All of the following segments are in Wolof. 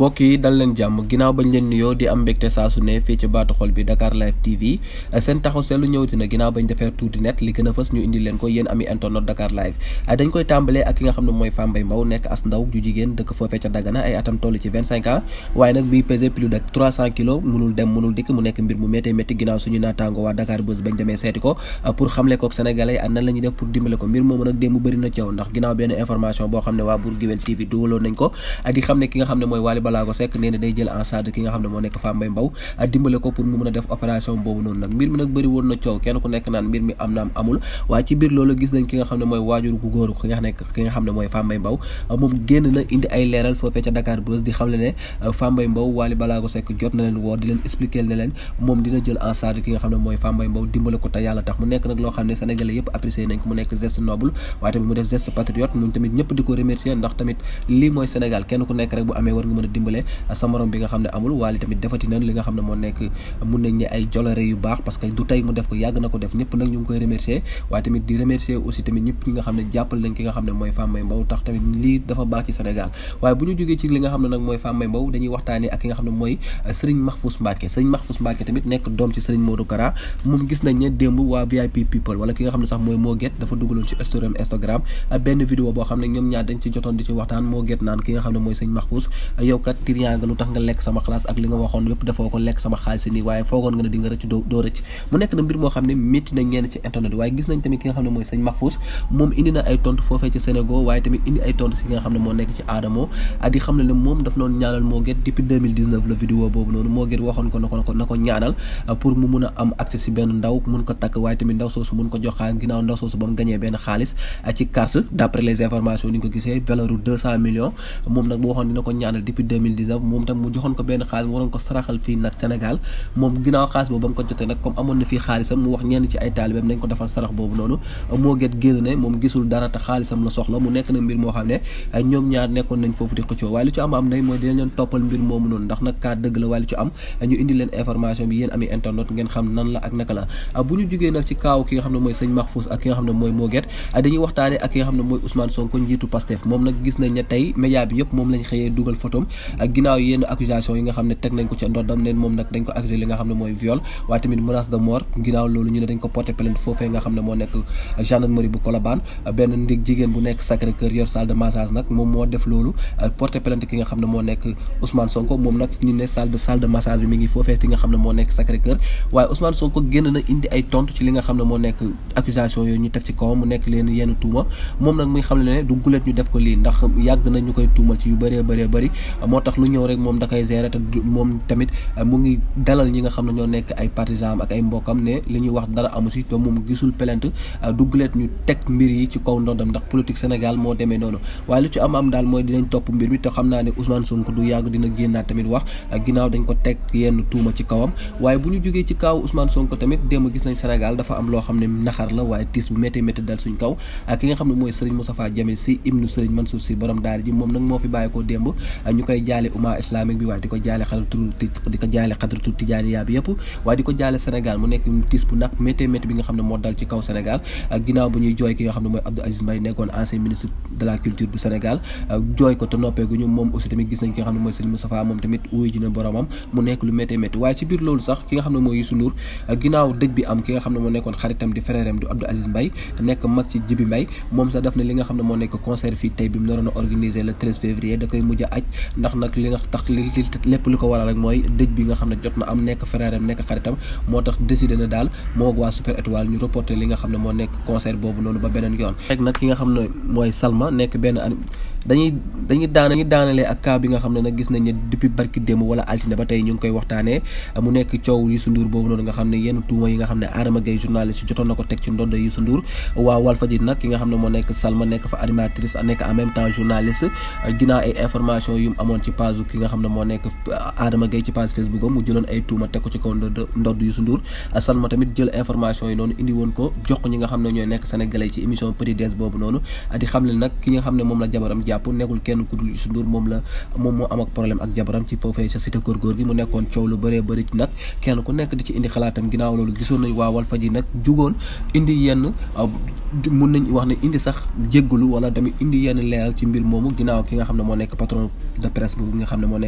mbokk dal leen jàmm ginnaaw bañ leen nuyoo di am mbégte saa su fii ci baatu xol bi Dakar Live TV seen taxaw seetlu ñëwati na ginnaaw bañ defee tuuti net li gën fës ñu indi leen ko yéen ami internet Dakar Live dañ koy tàmbalee ak ki nga xam ne mooy Fambaye Mbow nekk as ndaw ju jigéen dëkk foofee ca Dagana ay atam toll ci 25 ans waaye nag biy pesé plus de 300 kilos mënul dem mënul dikk mu nekk mbir mu méttee métti ginnaaw Balago moom génn na indi ay leeral foofee ca Dakar Buzz di xamle ne Fambaye Mbow Wally Balago Seck jot na leen woo di leen expliquer ne leen moom dina jël en charge ki nga xam ne mooy Fambaye Mbow dimbale ko te yàlla tax mu nekk nag loo xam ne sénégalais yëpp apprécié nañ ko mu nekk geste noble waaye mu def geste patriote ñun tamit ñëpp di ko remercier ndax tamit lii mooy Sénégal kenn ku nekk rek bu amee war nga mën a dimbale sa morom ne moo nekk mun nañ ne ay jolore yu baax parce que du tey mu ne jàppal nañ ki nga xam ne mooy Fambaye Mbow tax tamit lii dafa baax ci bu ñu jógee ci li nga xam ne nag mooy Fambaye Mbow dañuy waxtaanee ak ki nga xam ne mooy euh, Serigne Mahfous Mbacké Serigne Mahfous Mbacké tamit nekk doom ci Serigne Modou Kara moom gis nañ ne waa VIP people wala ki nga xam ne sax mooy moo get dafa dugaloon ci story Instagram euh, benn vidéo boo xam ne ñoom ñaar dañ ci jotoon di ci waxtaan moo naan ki nga xam ne mooy Serigne Mahfous yow kat triant lu tax nga lekk sama xalaas ak li nga waxoon yëpp defoo ko lekk sama xaalis nii waaye foogoon nga ne di rëcc doo rëcc mu nekk na mbir moo xam ne métti na ñenn ci internet waaye gis nañ tamit ki nga xam ne moo nekk ci Adamo ak di xam ne ne moom daf noonu ñaanal Mo Gates depuis la vidéo boobu noonu Mo Gates waxoon ko na ko na ko ñaanal euh, pour mu mun a am accès si benn ndaw mun ko takk waaye tamit ndaw soosu mun ko jox xaalis ginnaaw 2019 moom tam mu joxoon ko benn xaalis mu waroon ko saraxal fii nag Sénégal moom ginnaaw xaalis boobu ba ko jotee nag comme amoon na fii xaalisam mu wax ñenn ci ay taalibeem nañ ko defal sarax boobu noonu moo get génn ne toppal mbir moomu noonu ndax nag dëgg la waaye lu ci am ñu indi information bi yéen ami internet ngeen xam nan la ak naka la bu ñu jógee nag ci kaaw ki xam ne mooy sëñ Mahfous ak ki xam ne mooy Moguette ak ki nga ak ginnaaw yenn accusation yi nga xam ne teg nañ ko ci ndoddam neen moom nag dañ ko accusé li nga xam ne mooy viol waaye ne dañ ne moo nekk gendarmerie bu Colobane benn ndig jigéen bu nekk moom moo def loolu porté plainte ki nga xam ne moo nekk Ousmane Sonko moom nag ñu ne salle de salle de ngi foofee fi xam ne moo nekk Sacré Cœur waaye Ousmane Sonko génn na indi ay tontu ci li nga xam ne moo nekk accusation yooyu ñu teg ci leen yenn tuuma moom nag muy xam ne du gulet ñu def ko lii ndax yàgg na ñu koy tuumal ci yu bëree bëree bëri moo tax lu ñëw rek moom da koy moom tamit euh, mu ngi dalal ñi nga xam ne ñoo nekk ay partisans ak ay mbokkam ne li ñu wax dara amu si te mu gisul plainte euh, dugguleet ñu teg mbir yi ci kaw ndondam ndax politique Sénégal moo demee noonu waaye lu ci am am daal mooy dinañ topp mbir mi te xam naa ne Ousmane Sonko du yàgg dina génnaat tamit wax euh, ginnaaw dañ ko teg yenn tuuma ci kawam waaye bu ñu jógee ci kaw Ousmane Sonko tamit démb gis nañ Sénégal dafa am loo xam ne naxar la waaye tiis bu métti métti dal suñ kaw ak ki nga xam ne mooy Serigne Moustapha Jamil si ibnu man Mansour si borom daara ji moom nag moo fi bàyyi ko démb ñu koy koy jaale umma islamique bi waaye di ko jaale xadratul di bi yëpp waaye di ko jaale Sénégal mu nekk tiis bu nag métti métti bi nga xam ne moo dal ci kaw Sénégal ak ginnaaw bu ñu moom aussi tamit gis nañ ki nga xam ne mooy Serigne Moustapha moom tamit wuyu ji mu nekk lu métti métti waaye ci biir loolu sax ki nga xam ne mooy Youssou ginnaaw dëj bi am ki nga xam ne moo nekkoon xaritam di frèram di Abdou Aziz Mbaye nekk mag ci Jibi Mbaye a organiser le 13 ndax nag li nga tax li lépp li ko waral rek mooy dëj bi nga xam ne jot na am nekk frère am nekk xaritam moo tax décidé na daal moo waa Super Étoile ñu reporté li nga xam ne moo nekk concert boobu noonu ba beneen yoon rek nag ki nga xam ne mooy Salma nekk benn dañuy dañuy daan dañuy ak cas bi nga xam ne nag gis nañ ne depuis barki démb wala altine ba tey ñu ngi koy waxtaanee mu nekk coow Youssou Ndour boobu noonu nga xam ne yenn tuuma yi nga xam ne Adama Gaye journaliste jotoon na ko teg ci nag ki nga xam ne moo nekk Salma nekk fa animatrice nekk en même temps journaliste ginnaaw ay information yu mu nga xam ne moo nekk euh, Adama Gaye ci page Facebook am mu jëloon ay tuuma teg ko ci yi noonu indi woon ko jox ñi nga ne ñooy nekk sénégalais ci émission Petit Déj boobu noonu di xam ne nag moom la jabaram jàpp nekkul kenn ku dul Youssou Ndour moom la moom moo am ak problème ak jabaram ci foofee sa cité kër góor gi mu nekkoon coow lu bëree bëri nag kenn ku nekk di ci indi xalaatam ginnaaw loolu gisoon nañ waa Walfadjri nag jugoon indi ah, indi ki nga xam ne moo nekk patron de presse bu nga xam ne moo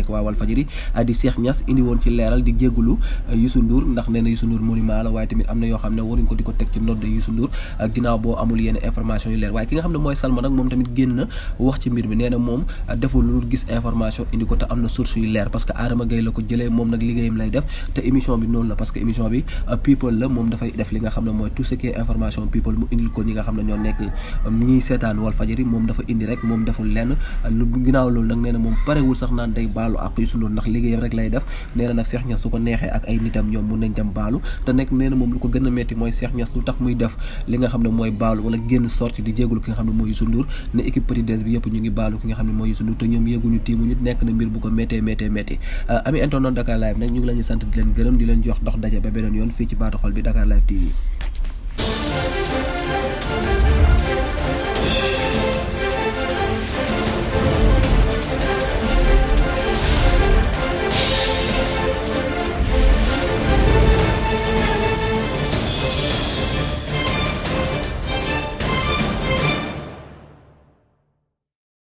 ah, di Cheikh Niass woon ci leeral di jéggalu ah, Youssou Ndour ndax nee na Youssou Ndour monument la waaye tamit am na yoo xam ne waruñ ko di ko teg ci nodd Youssou Ndour ginnaaw boo amul yenn information yu leer waaye ki nga xam ne mooy Salma mbir bi nee moom deful lu gis information indi ko te am na source yu leer parce que Adama Gaye la ko jëlee moom nag liggéeyam lay def te émission bi noonu la parce que émission bi euh, nga xam ne mooy euh, baalu ak Youssou Ndour ndax liggéeyam rek nga xam ne mooy baalu wala génn sorti di jéegul ki nga xam ne mooy Youssou ne équipe Petit bi yëpp ñu ngi baalu ki nga xam ne mooy Youssou te ñoom yëguñu tiimu nit nekk na mbir bu ko méttee méttee métti euh, ami internet Dakar Live nag ñu ngi leen sant di leen gërëm di leen jox dox daje ba beneen yoon fii ci baatu xol bi Dakar Live TV